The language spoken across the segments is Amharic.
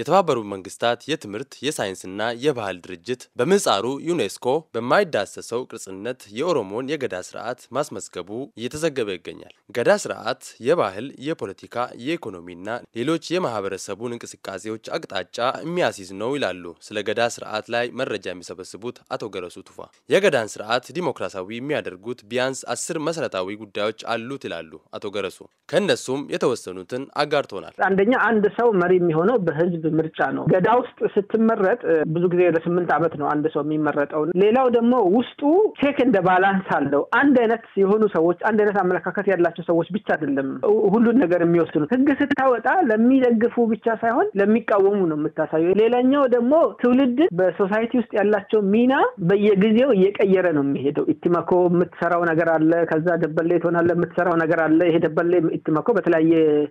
የተባበሩት መንግስታት የትምህርት የሳይንስና የባህል ድርጅት በምህጻሩ ዩኔስኮ በማይዳሰሰው ቅርጽነት የኦሮሞን የገዳ ስርዓት ማስመዝገቡ እየተዘገበ ይገኛል። ገዳ ስርዓት የባህል፣ የፖለቲካ፣ የኢኮኖሚና ሌሎች የማህበረሰቡን እንቅስቃሴዎች አቅጣጫ የሚያስይዝ ነው ይላሉ ስለ ገዳ ስርዓት ላይ መረጃ የሚሰበስቡት አቶ ገረሱ ቱፋ። የገዳን ስርዓት ዲሞክራሲያዊ የሚያደርጉት ቢያንስ አስር መሰረታዊ ጉዳዮች አሉት ይላሉ አቶ ገረሱ። ከእነሱም የተወሰኑትን አጋርቶናል። አንደኛ አንድ ሰው መሪ የሚሆነው በህዝብ የህዝብ ምርጫ ነው። ገዳ ውስጥ ስትመረጥ ብዙ ጊዜ ወደ ስምንት ዓመት ነው አንድ ሰው የሚመረጠው። ሌላው ደግሞ ውስጡ ቼክ እንደ ባላንስ አለው። አንድ አይነት የሆኑ ሰዎች፣ አንድ አይነት አመለካከት ያላቸው ሰዎች ብቻ አይደለም ሁሉን ነገር የሚወስኑት። ህግ ስታወጣ ለሚደግፉ ብቻ ሳይሆን ለሚቃወሙ ነው የምታሳየው። ሌላኛው ደግሞ ትውልድ በሶሳይቲ ውስጥ ያላቸው ሚና በየጊዜው እየቀየረ ነው የሚሄደው። ኢትመኮ የምትሰራው ነገር አለ። ከዛ ደበሌ ትሆናለ የምትሰራው ነገር አለ። ይሄ ደበሌ ኢትመኮ በተለያየ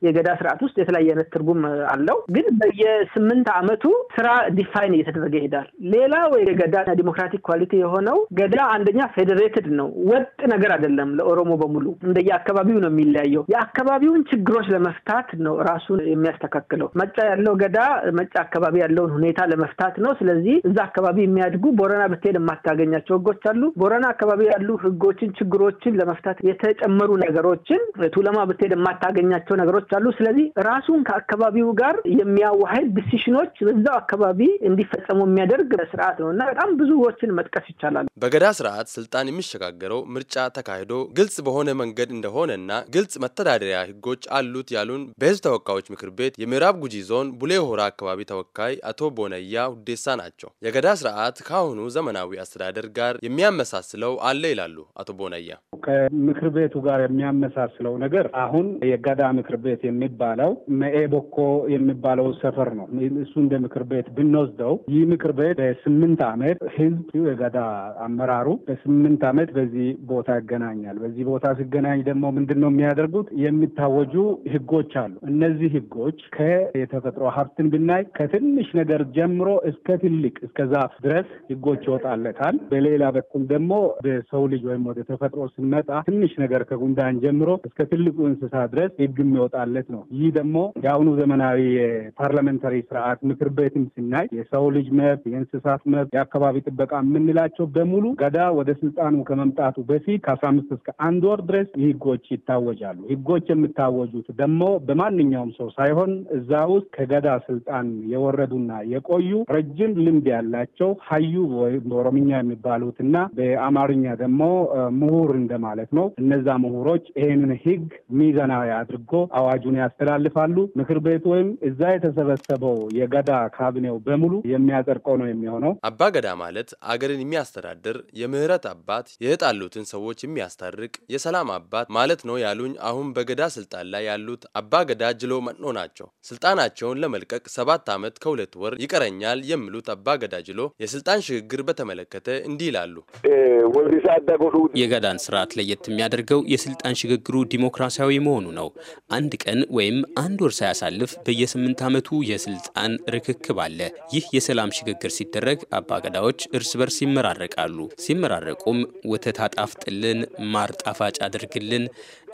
የገዳ ስርዓት ውስጥ የተለያየ አይነት ትርጉም አለው። ግን በየ በስምንት ዓመቱ ስራ ዲፋይን እየተደረገ ይሄዳል። ሌላ ወይ ገዳ ዲሞክራቲክ ኳሊቲ የሆነው ገዳ አንደኛ ፌዴሬትድ ነው፣ ወጥ ነገር አይደለም። ለኦሮሞ በሙሉ እንደየአካባቢው ነው የሚለያየው። የአካባቢውን ችግሮች ለመፍታት ነው ራሱን የሚያስተካክለው። መጫ ያለው ገዳ መጫ አካባቢ ያለውን ሁኔታ ለመፍታት ነው። ስለዚህ እዛ አካባቢ የሚያድጉ ቦረና ብትሄድ የማታገኛቸው ህጎች አሉ። ቦረና አካባቢ ያሉ ህጎችን፣ ችግሮችን ለመፍታት የተጨመሩ ነገሮችን ቱለማ ብትሄድ የማታገኛቸው ነገሮች አሉ። ስለዚህ ራሱን ከአካባቢው ጋር የሚያዋህድ ዲሲሽኖች በዛው አካባቢ እንዲፈጸሙ የሚያደርግ ስርዓት ነው እና በጣም ብዙዎችን መጥቀስ ይቻላል። በገዳ ስርዓት ስልጣን የሚሸጋገረው ምርጫ ተካሂዶ ግልጽ በሆነ መንገድ እንደሆነና ግልጽ መተዳደሪያ ህጎች አሉት ያሉን በህዝብ ተወካዮች ምክር ቤት የምዕራብ ጉጂ ዞን ቡሌ ሆራ አካባቢ ተወካይ አቶ ቦነያ ሁዴሳ ናቸው። የገዳ ስርዓት ከአሁኑ ዘመናዊ አስተዳደር ጋር የሚያመሳስለው አለ ይላሉ አቶ ቦነያ። ከምክር ቤቱ ጋር የሚያመሳስለው ነገር አሁን የገዳ ምክር ቤት የሚባለው መኤ ቦኮ የሚባለው ሰፈር ነው ነው። እሱ እንደ ምክር ቤት ብንወስደው ይህ ምክር ቤት በስምንት ዓመት ህዝብ የገዳ አመራሩ በስምንት ዓመት በዚህ ቦታ ይገናኛል። በዚህ ቦታ ሲገናኝ ደግሞ ምንድን ነው የሚያደርጉት? የሚታወጁ ህጎች አሉ። እነዚህ ህጎች ከየተፈጥሮ ሀብትን ብናይ ከትንሽ ነገር ጀምሮ እስከ ትልቅ እስከ ዛፍ ድረስ ህጎች ይወጣለታል። በሌላ በኩል ደግሞ በሰው ልጅ ወይም ወደ ተፈጥሮ ስንመጣ ትንሽ ነገር ከጉንዳን ጀምሮ እስከ ትልቁ እንስሳ ድረስ ህግ የሚወጣለት ነው። ይህ ደግሞ የአሁኑ ዘመናዊ የፓርላመንታ አሰሪ ስርዓት ምክር ቤትም ስናይ የሰው ልጅ መብት፣ የእንስሳት መብት፣ የአካባቢ ጥበቃ የምንላቸው በሙሉ ገዳ ወደ ስልጣኑ ከመምጣቱ በፊት ከአስራ አምስት እስከ አንድ ወር ድረስ ህጎች ይታወጃሉ። ህጎች የሚታወጁት ደግሞ በማንኛውም ሰው ሳይሆን እዛ ውስጥ ከገዳ ስልጣን የወረዱና የቆዩ ረጅም ልምድ ያላቸው ሀዩ ወይም በኦሮምኛ የሚባሉትና በአማርኛ ደግሞ ምሁር እንደማለት ነው። እነዛ ምሁሮች ይህንን ህግ ሚዘናዊ አድርጎ አዋጁን ያስተላልፋሉ። ምክር ቤት ወይም እዛ የተሰበሰበ የሚቀርበው የገዳ ካቢኔው በሙሉ የሚያጸድቀው ነው የሚሆነው። አባ ገዳ ማለት አገርን የሚያስተዳድር የምህረት አባት፣ የህጣሉትን ሰዎች የሚያስታርቅ የሰላም አባት ማለት ነው ያሉኝ አሁን በገዳ ስልጣን ላይ ያሉት አባ ገዳ ጅሎ መኖ ናቸው። ስልጣናቸውን ለመልቀቅ ሰባት ዓመት ከሁለት ወር ይቀረኛል የሚሉት አባ ገዳ ጅሎ የስልጣን ሽግግር በተመለከተ እንዲህ ይላሉ። የገዳን ስርዓት ለየት የሚያደርገው የስልጣን ሽግግሩ ዲሞክራሲያዊ መሆኑ ነው። አንድ ቀን ወይም አንድ ወር ሳያሳልፍ በየስምንት ዓመቱ የስ የስልጣን ርክክብ አለ። ይህ የሰላም ሽግግር ሲደረግ አባገዳዎች እርስ በርስ ይመራረቃሉ። ሲመራረቁም ወተት አጣፍጥልን፣ ማር ጣፋጭ አድርግልን፣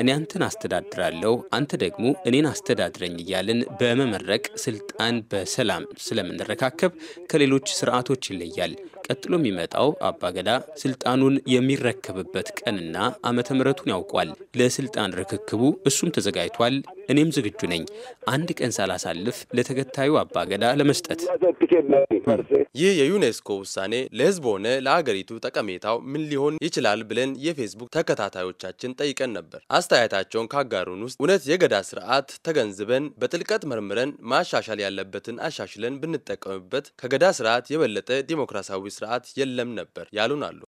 እኔ አንተን አስተዳድራለሁ፣ አንተ ደግሞ እኔን አስተዳድረኝ እያልን በመመረቅ ስልጣን በሰላም ስለምንረካከብ ከሌሎች ስርዓቶች ይለያል። ቀጥሎ የሚመጣው አባገዳ ስልጣኑን የሚረከብበት ቀንና ዓመተ ምሕረቱን ያውቋል። ለስልጣን ርክክቡ እሱም ተዘጋጅቷል። እኔም ዝግጁ ነኝ አንድ ቀን ሳላሳልፍ ለተከታዩ አባ ገዳ ለመስጠት። ይህ የዩኔስኮ ውሳኔ ለህዝብ ሆነ ለአገሪቱ ጠቀሜታው ምን ሊሆን ይችላል ብለን የፌስቡክ ተከታታዮቻችን ጠይቀን ነበር። አስተያየታቸውን ካጋሩን ውስጥ እውነት የገዳ ስርዓት ተገንዝበን በጥልቀት መርምረን ማሻሻል ያለበትን አሻሽለን ብንጠቀምበት ከገዳ ስርዓት የበለጠ ዲሞክራሲያዊ ስርዓት የለም ነበር ያሉን አሉ።